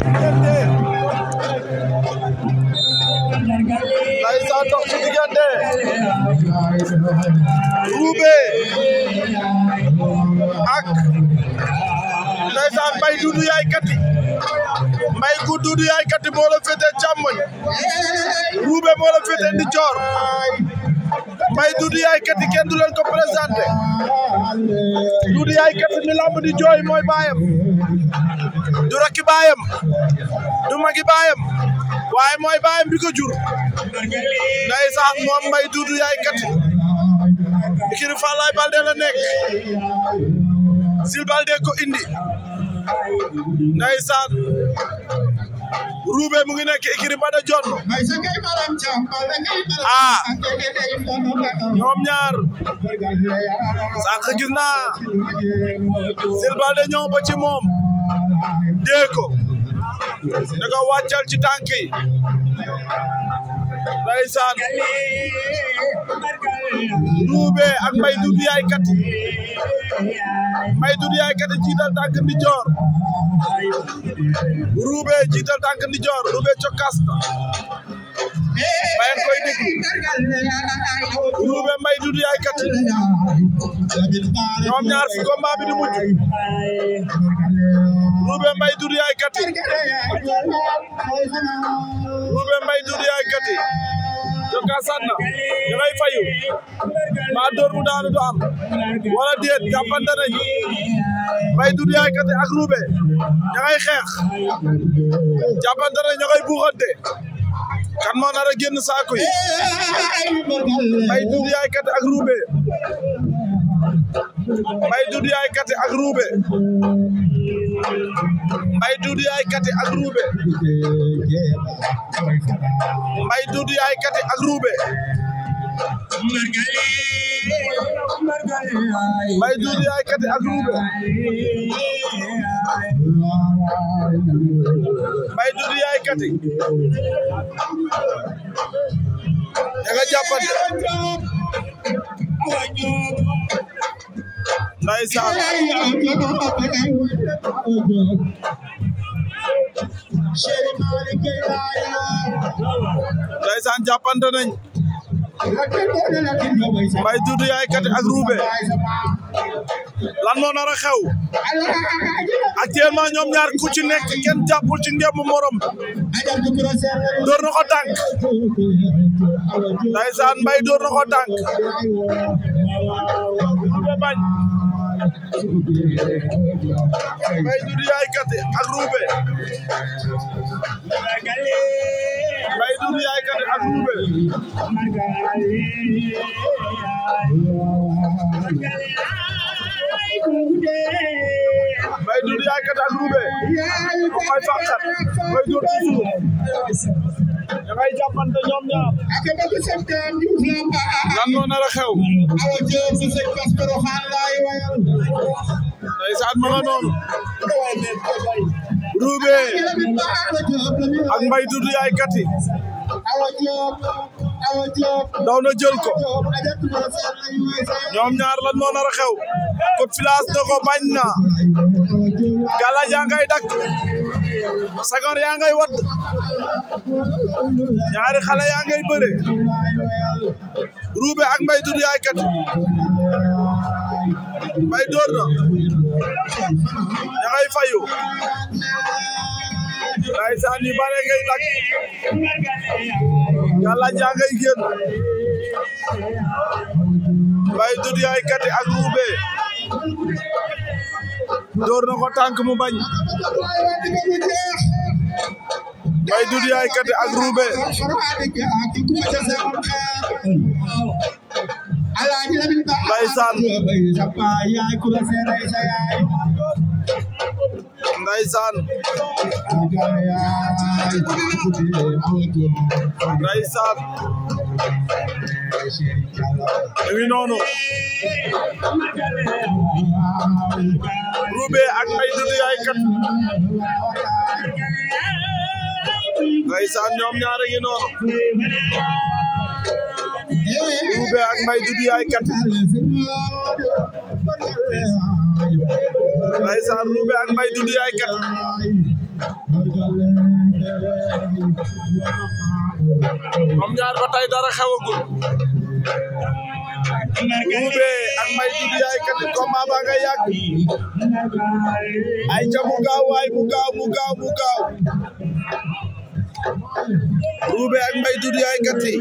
Ndeysaan dox ci diggante Roubé ak ndeysaan Mbay Duudu yaay kati Mbay gu Duudu yaay kati moo la féete càmmoñ Roubé moo la féete ndijoor Mbay Duudu yaay kati kenn du leen présenté Duudu yaay kati mi lamb di jooy mooy baayam du rakki baayam du magi baayam waaye mooy baayam bi ko jur ndeysaan moom mbay duudu yaay kat ikiri Fallaye Balde la nekk Sil Balde ko indi ndeysaan Roubé mu ngi nekk ikiri Bada Jon ah ñoom ñaar sànq gis naa Sil Balde ñëw ba moom dee ko da ko wàccal ci tànk yi ndeysaan duube ak mbay duudu yaay kat mbay duudu yaay kat jiital tànk ndi joor ruube jiital tànk ndi joor ruube cokkaas na bayan koy déglu ruube mbay duudu yaay kat ñoom ñaar fi combat bi di mujj Roubé Mbaye Doudou Yaye Katy Roubé Mbaye Doudou Yaye sanna da fayu ma door mu daanu du am wala déet jàppante nañ Mbaye ak Roubé da xeex jàppante nañ da kan moo nar a génn saako yi Mbaye ak Roubé Mbay Duudu yaay kati ak ruube Mbay Duudu yaay kati ak ruube Mbay Duudu yaay kati ak ruube Mbay Duudu yaay kati ak ruube Mbay Duudu yaay kati da nga jàppante ndeysaan ndeysaan jàppante nañ Mbay yaay kati ak Roubé lan moo nar a xew actuellement ñoom ñaar ku ci nekk kenn jàppul ci ngemb morom door na ko tànk ndeysaan Mbay door na ko Mbaye Doudou yaay kate ak ruube Mbaye Doudou yaay kate ak ruube Mbaye Doudou yaay kate ak ruube Mbaye Doudou da ngay jàppante ñoom ñaar. ba ci lan moo a xew. awa ak Mbaye Doudou yaay gati. daw na jël ko. ñoom ñaar lan moo a xew. ko filaas na ko bañ na. gala jaa ngay dakk. sagar yaa ngay wadd ñaari xale yaa ngay bëre ruube ak mbay dudu yaay kat mbay door na ña yi bare ngay nag yàlla ñaa ngay génn mbay dudu yaay ak ruube door na ko tànk mu bañ Mbaye Doudou Yaye Katé ak Roubé Mbaye ndeysaan ndeysaan ak ay dudu yaay kat ndeysaan ak Mbaye Doudou yaay kat ndeysaan Roubé ak Mbaye Doudou yaay kat moom ñaar ba tey dara xewagul Roubé ak Mbaye Doudou yaay kat combat ba nga yàgg ay ca mu gaaw waay mu gaaw mu gaaw mu gaaw Roubé ak Mbaye Doudou yaay kat yi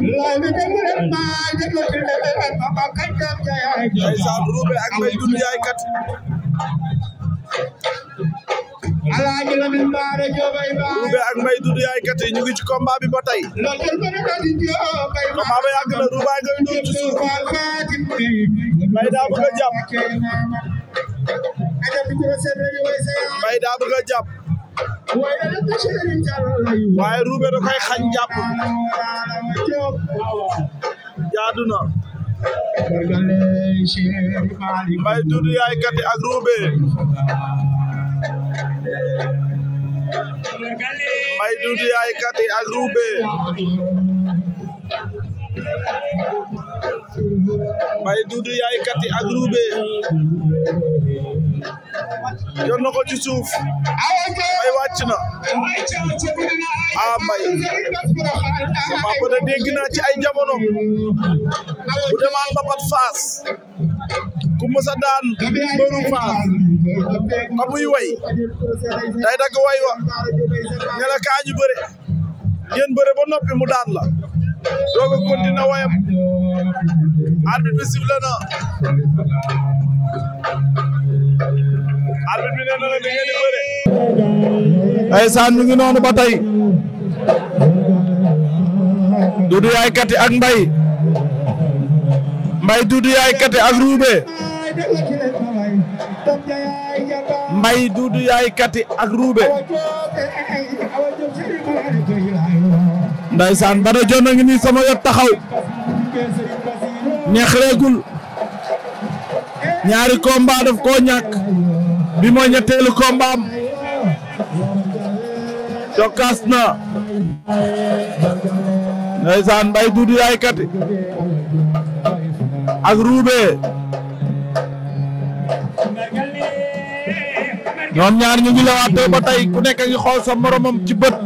ndeysaan ruube ak mbay dund kat alaaji ak mbay dund kat ñu ngi ci combat bi ba tey combat ba yàgg na ruube ngay dund ci suuf mbay daa bëgg a jàpp waaye ruube da koy xañ jàpp jaadu dudu yaay gati ak ruube mbay dudu yaay gati ak ruube yor na ko ci ay wàcc na a mbay sama ko da dégg ay jamono bu demaan mbapat faas ku mës daan bëru way day dagg way wa ne la kaa ñu bëre ngeen bëre ba noppi mu daan la dooga continuer ndeysaan mi ngi noonu ba tey dudu yaay kati ak mbay mbay dudu yaay kati ak ruube mbay dudu yaay kati ak ruube ndaysaan ba da jona ngi nii sama yot taxaw neex ñaari combat daf koo ñàkk bi mooy ñetteelu kombaam cokkaas na ndeysaan mbay duudu yaay kati ak ruube ñoom ñaar ñu ngi lewaatoo ba tey ku nekk ngi xool sa moromam ci bët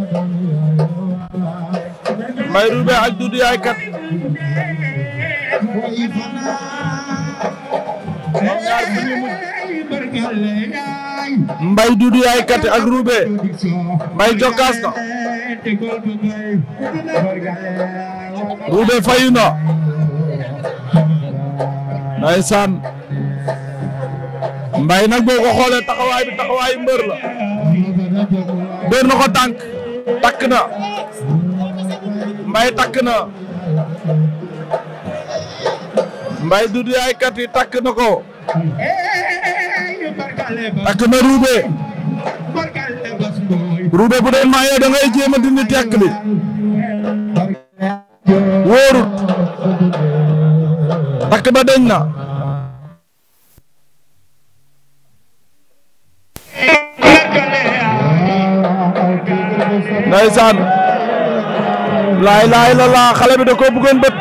mbay ruube ak duudu yaay kat mbay dudu yaay kate ak rube mbay jokkaas na rube fayu na ndeysaan mbay nag boo ko xoolee taxawaay bi taxawaayu mbër la mbër na ko tànk takk na mbay tak na mbay dudu yaay kate takk na ko takk na ruube ruube bu dee maayoo da ngay jéem a dindi tekk bi wóorut takk ba deñ na ndeysaan laay laay la laa xale da koo bëggoon bët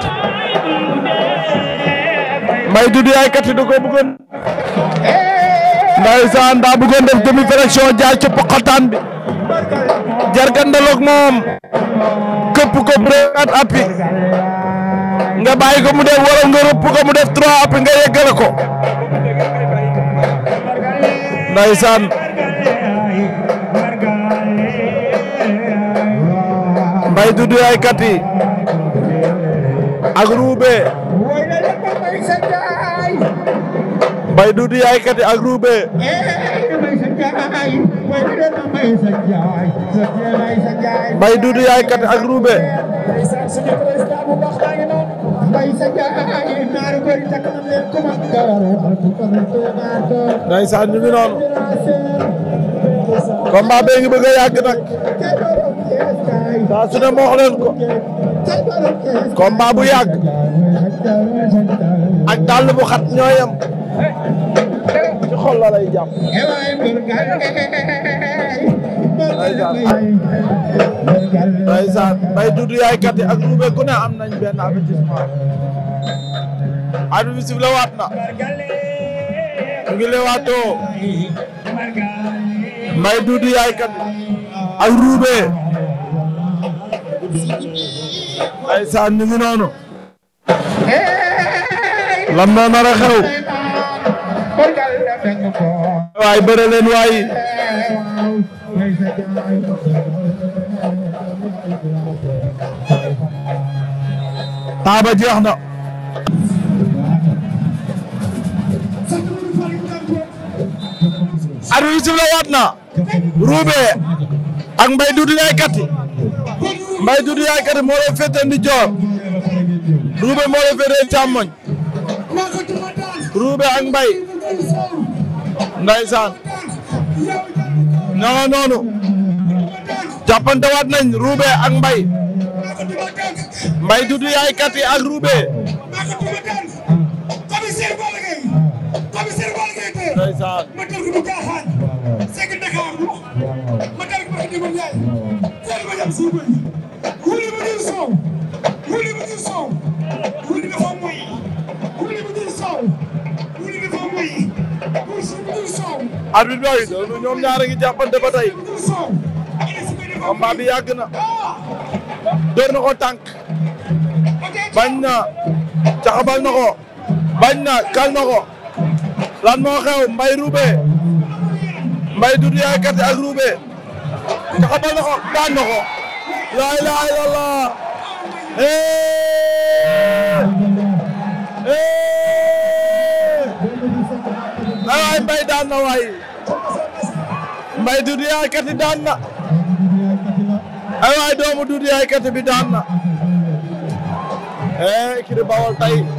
mbay du di ay da koo bëggoon ndeysaan daa bëggoon def demi jaay ci poqataan bi jargandaloog moom këpp ko bu at appi nga bàyyi ko mu def wala nga rëpp ko mu def trois appi nga yeggale ko ndeysaan mbay dudu yaay kat yi ak ruube Mbay Duudu yaay kati ak ruube Mbay Duudu yaay kati ak ruube ndeysaan ñu ngi noonu combat bee ngi bëgg a yàgg nag saa su ne moox leen ko combat bu yàgg ak dàll bu xat ñooyam ci xol la lay jàpp. ndeysaan ndeysaan bay duudu yaay kat ku ne am nañ benn avertissement. arbitre bi la waat na. ñu ngi lay waatoo. bay duudu yaay kat ak Roubé. ndeysaan ñu ngi noonu. lan moo nar a waay bëre leen waay taaba jeex na arbitre bi sifle waat ruube ak mbay dudu yaay kati mbay dudu yaay kati moo leen ndi joor ruube moo leen féete càmmoñ ruube ak mbay Ndeysaan ñoo noonu jàppante waat nañ Roubé ak Mbaye Mbaye dudu yaay kati ak Roubé Ndeysaan ma arbitre bi doonu ñoom ñaar a ngi jàppante ba tey combat door na ko tànk bañ na caxabal na ko bañ na kal na lan moo mbay ruube mbay dudu yaay kati ak ruube caxabal na ko daan na ko laa ilaaha illallah eh. Eh. ay mbay daan na mbay duudu yaay kati daan na ay waay doomu duudu yaay kati bi daan na ee eh, kiri bawol tay